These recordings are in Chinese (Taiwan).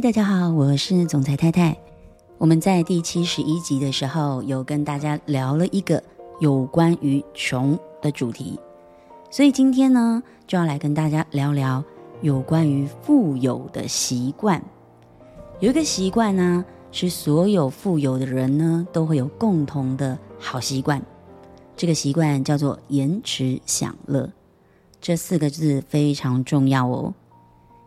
大家好，我是總裁太太。我們在第七十一集的時候，有跟大家聊了一個有關於窮的主題，所以今天呢，就要來跟大家聊聊有關於富有的習慣。有一個習慣呢，是所有富有的人呢都會有共同的好習慣，這個習慣叫做延遲享樂。這四個字非常重要哦。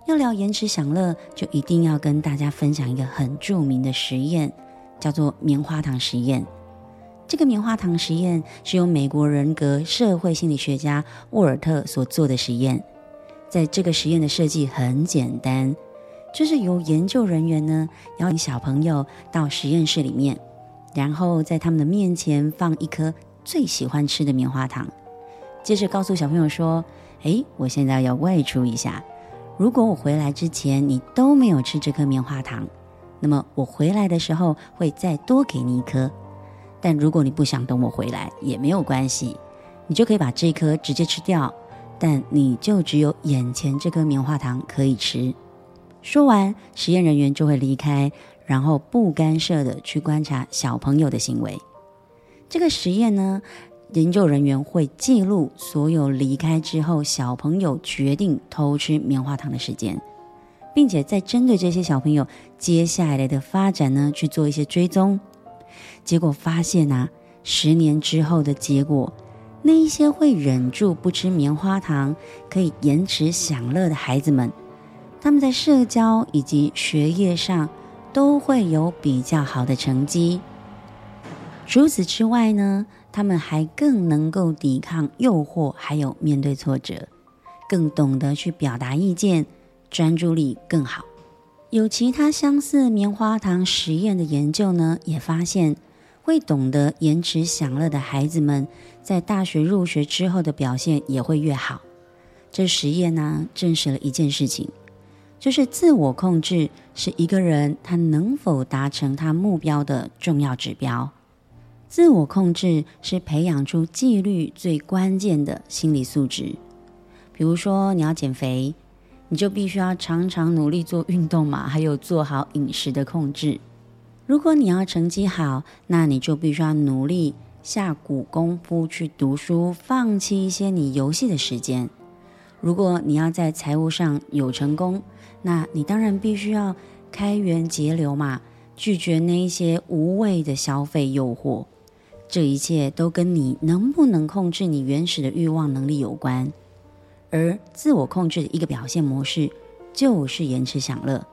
要聊延遲享樂，就一定要跟大家分享一個很著名的實驗，叫做棉花糖實驗。這個棉花糖實驗是由美國人格社會心理學家沃爾特所做的實驗。在這個實驗的設計很簡單，就是由研究人員呢邀請小朋友到實驗室裡面，然後在他們的面前放一顆最喜歡吃的棉花糖，接着告訴小朋友說：“誒，我現在要外出一下。”如果我回來之前，你都沒有吃這顆棉花糖，那麼我回來的時候會再多給你一顆。但如果你不想等我回來也沒有關係，你就可以把這顆直接吃掉。但你就只有眼前這顆棉花糖可以吃。說完，實驗人員就會離開，然後不干涉地去觀察小朋友的行為。這個實驗呢，研究人員會記錄所有離開之後，小朋友決定偷吃棉花糖的時間，並且在針對這些小朋友接下來的發展呢，去做一些追蹤。結果發現啊，十年之後的結果，那一些會忍住不吃棉花糖，可以延遲享樂的孩子們，他們在社交以及學業上都會有比較好的成績。除此之外呢，他們還更能夠抵抗誘惑，還有面對挫折，更懂得去表達意見，專注力更好。有其他相似棉花糖實驗的研究呢，也發現會懂得延遲享樂的孩子們，在大學入學之後的表現也會越好。這實驗呢，證實了一件事情，就是自我控制是一個人他能否達成他目標的重要指標。自我控制是培養出紀律最關鍵的心理素質。比如說，你要減肥，你就必須要常常努力做運動嘛，還有做好飲食的控制。如果你要成績好，那你就必須要努力下苦功夫去讀書，放棄一些你遊戲的時間。如果你要在財務上有成功，那你當然必須要開源節流嘛，拒絕那一些無謂的消費誘惑。這一切都跟你能不能控制你原始的慾望能力有關，而自我控制的一個表現模式就是延遲享樂，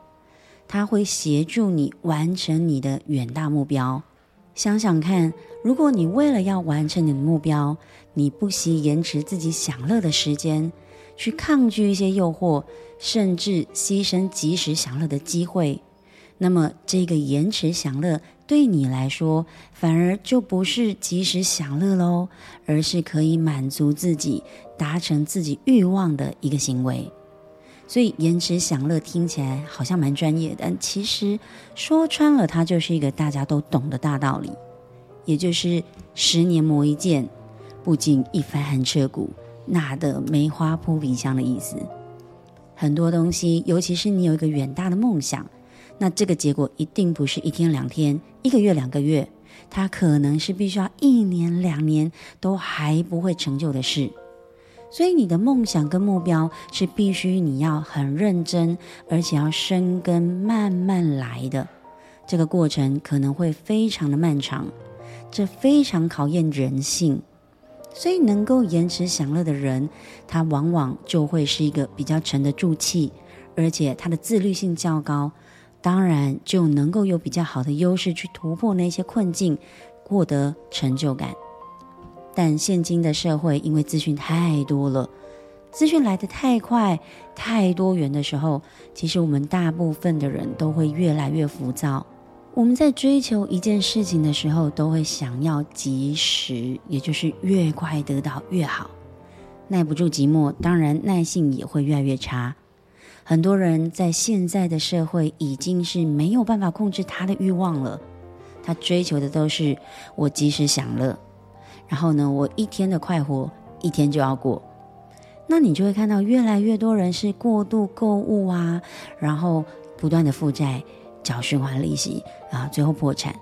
它會協助你完成你的遠大目標。想想看，如果你為了要完成你的目標，你不惜延遲自己享樂的時間，去抗拒一些誘惑，甚至犧牲即時享樂的機會，那麼這個延遲享樂。對你來說，反而就不是及時享樂嘍，而是可以滿足自己、達成自己慾望的一個行為。所以，延遲享樂聽起來好像蠻專業，但其實說穿了，它就是一個大家都懂的大道理，也就是“十年磨一劍，不經一番寒徹骨，哪得梅花撲鼻香”的意思。很多東西，尤其是你有一個遠大的夢想，那這個結果一定不是一天兩天，一個月、兩個月，它可能是必須要一年、兩年都還不會成就的事。所以，你的夢想跟目標是必須你要很認真，而且要生根、慢慢來的。這個過程可能會非常的漫長，這非常考驗人性。所以，能夠延遲享樂的人，他往往就會是一個比較沉得住氣，而且他的自律性較高。當然就能夠有比較好的優勢去突破那些困境，獲得成就感。但現今的社會，因為資訊太多了，資訊來得太快、太多元的時候，其實我們大部分的人都會越來越浮躁。我們在追求一件事情的時候，都會想要即時，也就是越快得到越好。耐不住寂寞，當然耐性也會越來越差。很多人在現在的社會已經是沒有辦法控制他的欲望了，他追求的都是我及時享樂，然後呢，我一天的快活一天就要過。那你就會看到越來越多人是過度購物啊，然後不斷的負債，找循環利息啊，最後破產。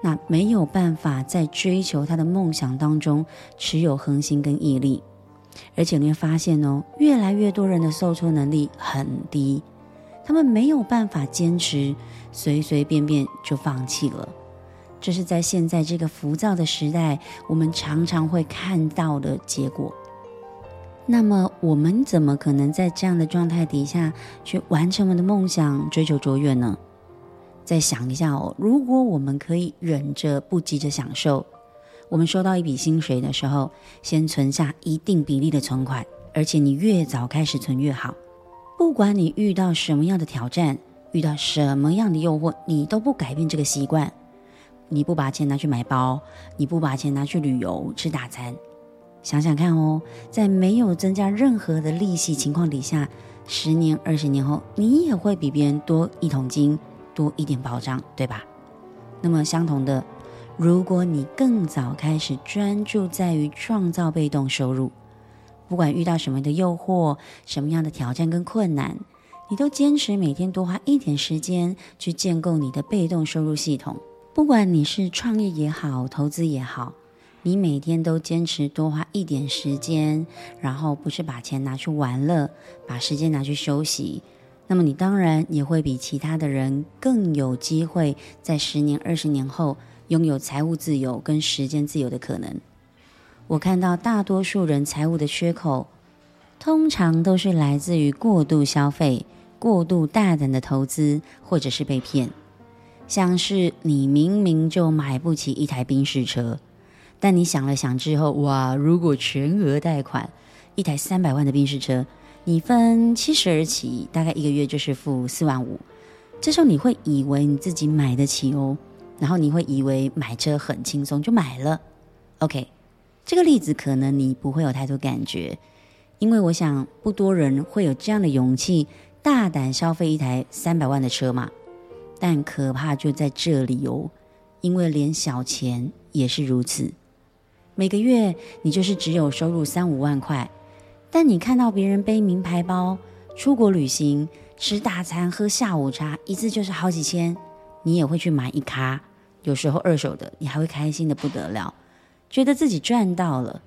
那沒有辦法在追求他的夢想當中持有恆心跟毅力。而且你會發現哦，越來越多人的受挫能力很低，他們沒有辦法堅持，隨隨便便就放棄了。這是在現在這個浮躁的時代，我們常常會看到的結果。那麼，我們怎麼可能在這樣的狀態底下去完成我們的夢想、追求卓越呢？再想一下哦，如果我們可以忍着不急着享受。我們收到一筆薪水的時候，先存下一定比例的存款，而且你越早開始存越好。不管你遇到什麼樣的挑戰，遇到什麼樣的誘惑，你都不改變這個習慣。你不把錢拿去買包，你不把錢拿去旅遊，吃大餐，想想看哦，在沒有增加任何的利息情況底下，十年、二十年後，你也會比別人多一桶金，多一點保障，對吧？那麼相同的，如果你更早開始專注在於創造被動收入，不管遇到什麼樣的誘惑、什麼樣的挑戰跟困難，你都堅持每天多花一點時間去建構你的被動收入系統。不管你是創業也好，投資也好，你每天都堅持多花一點時間，然後不是把錢拿去玩樂，把時間拿去休息，那麼你當然也會比其他的人更有機會在十年、二十年後。擁有財務自由跟時間自由的可能，我看到大多數人財務的缺口，通常都是來自於過度消費、過度大膽的投資，或者是被騙。像是你明明就買不起一台賓士車，但你想了想之後，哇，如果全額貸款一台三百萬的賓士車，你分七十二期，大概一個月就是付四萬五，這時候你會以為你自己買得起哦。然後你會以為買車很輕鬆就買了，OK？這個例子可能你不會有太多感覺，因為我想不多人會有這樣的勇氣，大膽消費一台三百萬的車嘛。但可怕就在這裡哦，因為連小錢也是如此。每個月你就是只有收入三五萬塊，但你看到別人背名牌包、出國旅行、吃大餐、喝下午茶，一次就是好幾千，你也會去買一咖。有時候二手的，你還會開心的不得了，覺得自己賺到了，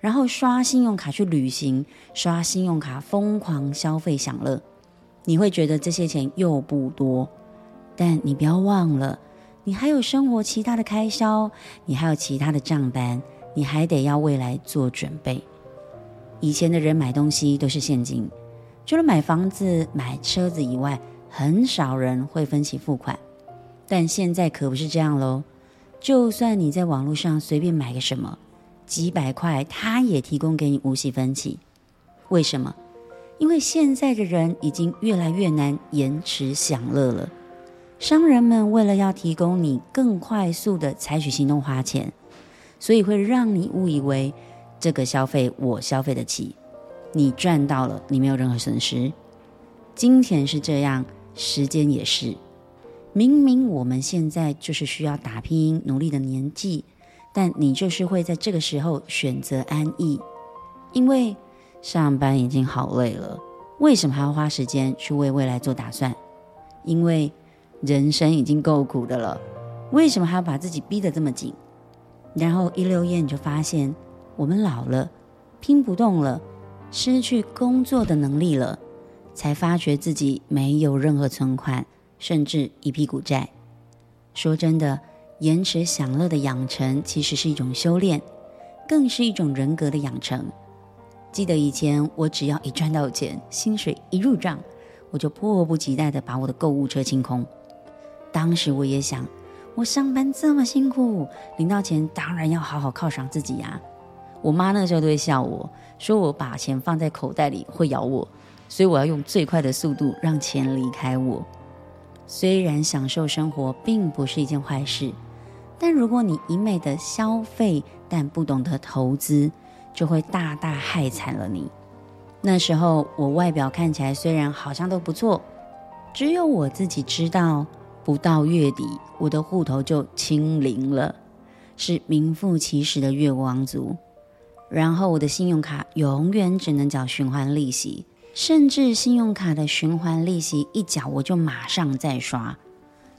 然後刷信用卡去旅行，刷信用卡瘋狂消費享樂，你會覺得這些錢又不多，但你不要忘了，你還有生活其他的開銷，你還有其他的賬單，你還得要未來做準備。以前的人買東西都是現金，除了買房子、買車子以外，很少人會分期付款。但現在可不是這樣嘍，就算你在網絡上隨便買個什麼，幾百塊，他也提供給你無息分期。為什麼？因為現在的人已經越來越難延遲享樂了。商人們為了要提供你更快速的採取行動花錢，所以會讓你誤以為這個消費我消費得起，你賺到了，你沒有任何損失。金錢是這樣，時間也是。明明我們現在就是需要打拼、努力的年紀，但你就是會在這個時候選擇安逸，因為上班已經好累了，為什麼還要花時間去為未來做打算？因為人生已經夠苦的了，為什麼還要把自己逼得這麼緊？然後一溜煙你就發現，我們老了，拼不動了，失去工作的能力了，才發覺自己沒有任何存款。甚至一屁股債。說真的，延遲享樂的養成其實是一種修煉，更是一種人格的養成。記得以前我只要一賺到錢，薪水一入賬，我就迫不及待的把我的購物車清空。當時我也想，我上班這麼辛苦，領到錢當然要好好犒賞自己呀、啊。我媽那時候都會笑我，說我把錢放在口袋裡會咬我，所以我要用最快的速度讓錢離開我。雖然享受生活並不是一件壞事，但如果你一味的消費但不懂得投資，就會大大害慘了你。那時候我外表看起來雖然好像都不錯，只有我自己知道，不到月底我的戶頭就清零了，是名副其實的月光族。然後我的信用卡永遠只能繳循環利息。甚至信用卡的循環利息一繳，我就馬上再刷。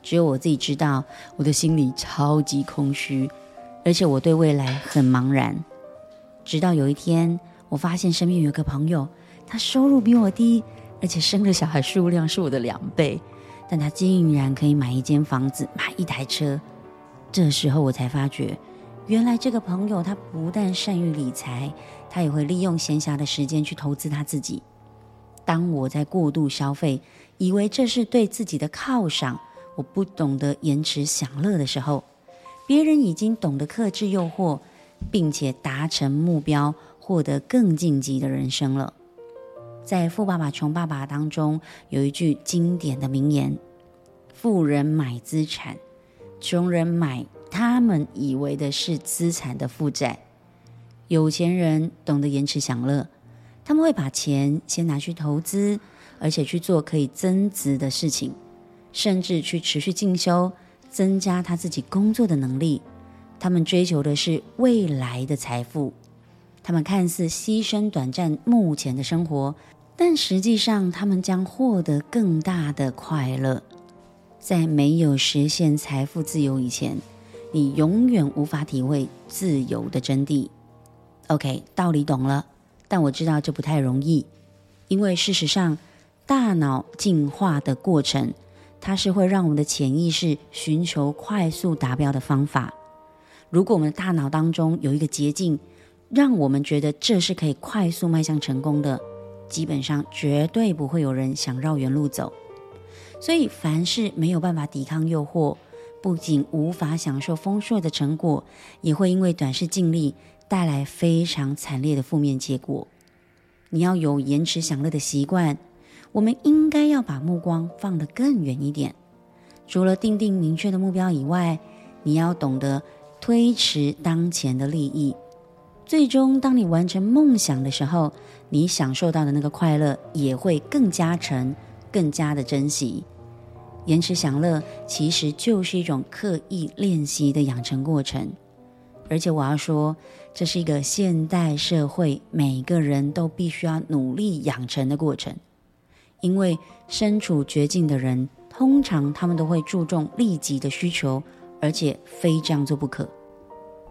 只有我自己知道，我的心裡超級空虛，而且我對未來很茫然。直到有一天，我發現身邊有個朋友，他收入比我低，而且生的小孩數量是我的兩倍，但他竟然可以買一間房子、買一台車。這時候我才發覺，原來這個朋友他不但善於理財，他也會利用閒暇的時間去投資他自己。當我在過度消費，以為這是對自己的犒賞，我不懂得延遲享樂的時候，別人已經懂得克制誘惑，並且達成目標，獲得更晉級的人生了。在《富爸爸窮爸爸》當中，有一句經典的名言：“富人買資產，窮人買他們以為的是資產的負債。”有錢人懂得延遲享樂。他們會把錢先拿去投資，而且去做可以增值的事情，甚至去持續進修，增加他自己工作的能力。他們追求的是未來的財富。他們看似犧牲短暫目前的生活，但實際上他們將獲得更大的快樂。在沒有實現財富自由以前，你永遠無法體會自由的真諦。OK，道理懂了。但我知道這不太容易，因為事實上，大腦進化的過程，它是會讓我們的潛意識尋求快速達標的方法。如果我們的大腦當中有一個捷徑，讓我們覺得這是可以快速邁向成功的，基本上絕對不會有人想繞遠路走。所以，凡事沒有辦法抵抗誘惑，不僅無法享受豐碩的成果，也會因為短視近利。帶來非常慘烈的負面結果。你要有延遲享樂的習慣。我們應該要把目光放得更遠一點。除了訂定明確的目標以外，你要懂得推遲當前的利益。最終，當你完成夢想的時候，你享受到的那個快樂也會更加沉，更加的珍惜。延遲享樂其實就是一種刻意練習的養成過程。而且我要說。這是一個現代社會每個人都必須要努力養成的過程，因為身處絕境的人，通常他們都會注重利己的需求，而且非這樣做不可。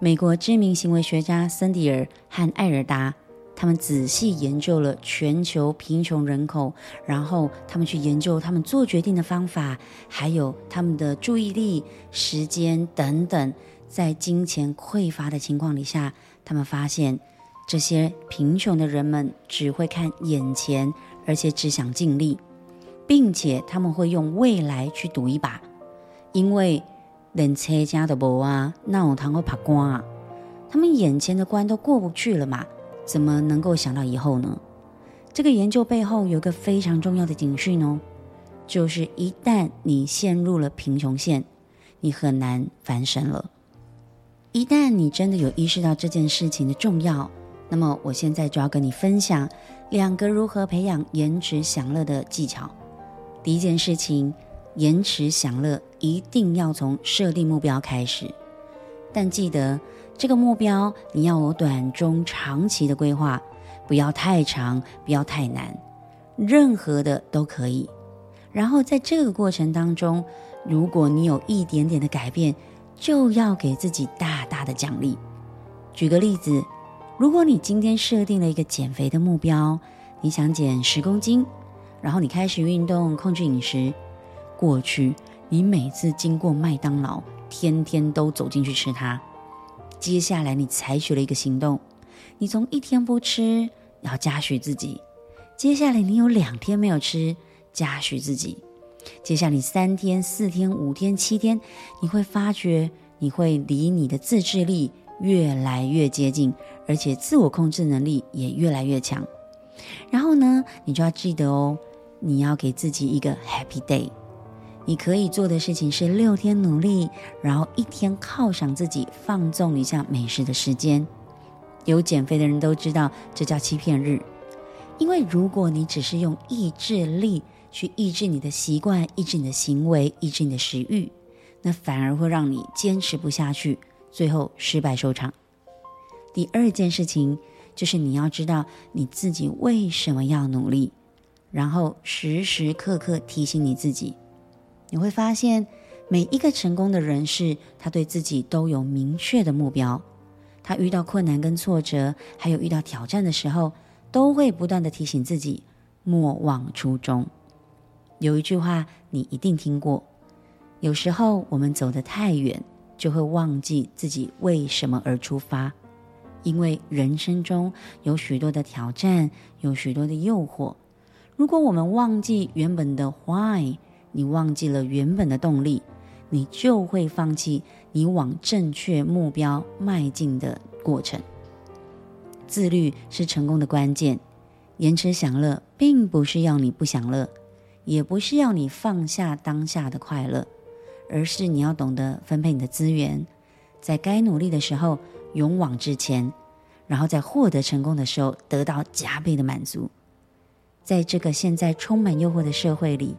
美國知名行為學家森迪爾和艾爾達，他們仔細研究了全球貧窮人口，然後他們去研究他們做決定的方法，還有他們的注意力、時間等等，在金錢匱乏的情況底下。他們發現，這些貧窮的人們只會看眼前，而且只想盡力，並且他們會用未來去賭一把，因為連車家都無啊，那有通去爬關啊？他們眼前的關都過不去了嘛，怎麼能夠想到以後呢？這個研究背後有一個非常重要的警訊哦，就是一旦你陷入了貧窮線，你很難翻身了。一旦你真的有意識到這件事情的重要，那麼我現在就要跟你分享兩個如何培養延遲享樂的技巧。第一件事情，延遲享樂一定要從設定目標開始，但記得這個目標你要有短、中、長期的規劃，不要太長，不要太難，任何的都可以。然後在這個過程當中，如果你有一點點的改變，就要給自己大大的獎勵。舉個例子，如果你今天設定了一個減肥的目標，你想減十公斤，然後你開始運動、控制飲食。過去你每次經過麥當勞，天天都走進去吃它。接下來你採取了一個行動，你從一天不吃，要嘉許自己；接下來你有兩天沒有吃，嘉許自己。接下來你三天、四天、五天、七天，你會發覺你會離你的自制力越來越接近，而且自我控制能力也越來越強。然後呢，你就要記得哦，你要給自己一個 Happy Day。你可以做的事情是六天努力，然後一天犒賞自己，放縱一下美食的時間。有減肥的人都知道，這叫欺騙日，因為如果你只是用意志力，去抑制你的習慣，抑制你的行為，抑制你的食欲，那反而會讓你堅持不下去，最後失敗收場。第二件事情就是你要知道你自己為什麼要努力，然後時時刻刻提醒你自己。你會發現，每一個成功的人士，他對自己都有明確的目標。他遇到困難跟挫折，還有遇到挑戰的時候，都會不斷的提醒自己，莫忘初衷。有一句話你一定聽過，有時候我們走得太遠，就會忘記自己為什麼而出發。因為人生中有許多的挑戰，有許多的誘惑。如果我們忘記原本的 why，你忘記了原本的動力，你就會放棄你往正確目標邁進的過程。自律是成功的關鍵，延遲享樂並不是要你不享樂。也不是要你放下當下的快樂，而是你要懂得分配你的資源，在該努力的時候勇往直前，然後在獲得成功的時候得到加倍的滿足。在這個現在充滿誘惑的社會裡，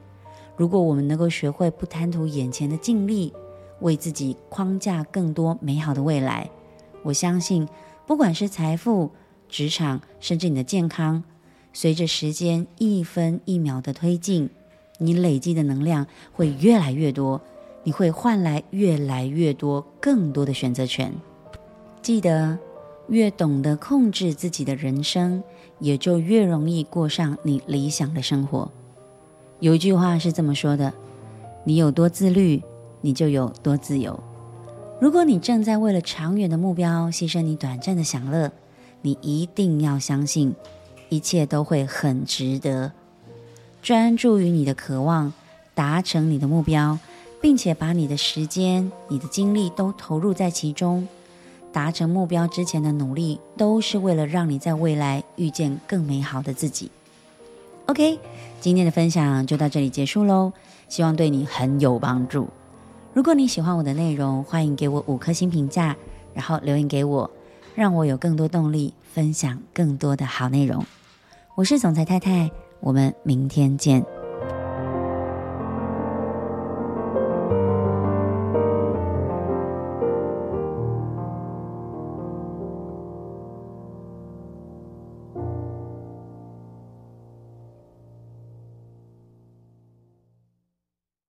如果我們能夠學會不貪圖眼前的近利，為自己框架更多美好的未來，我相信，不管是財富、職場，甚至你的健康。隨着時間一分一秒的推進，你累積的能量會越來越多，你會換來越來越多更多的選擇權。記得，越懂得控制自己的人生，也就越容易過上你理想的生活。有一句話是這麼說的：你有多自律，你就有多自由。如果你正在為了長遠的目標犧牲你短暫的享樂，你一定要相信。一切都會很值得。專注於你的渴望，達成你的目標，並且把你的時間、你的精力都投入在其中。達成目標之前的努力，都是為了讓你在未來遇見更美好的自己。OK，今天的分享就到這裡結束嘍，希望對你很有幫助。如果你喜歡我的內容，歡迎給我五顆星評價，然後留言給我，讓我有更多動力分享更多的好內容。我是總裁太太，我們明天見。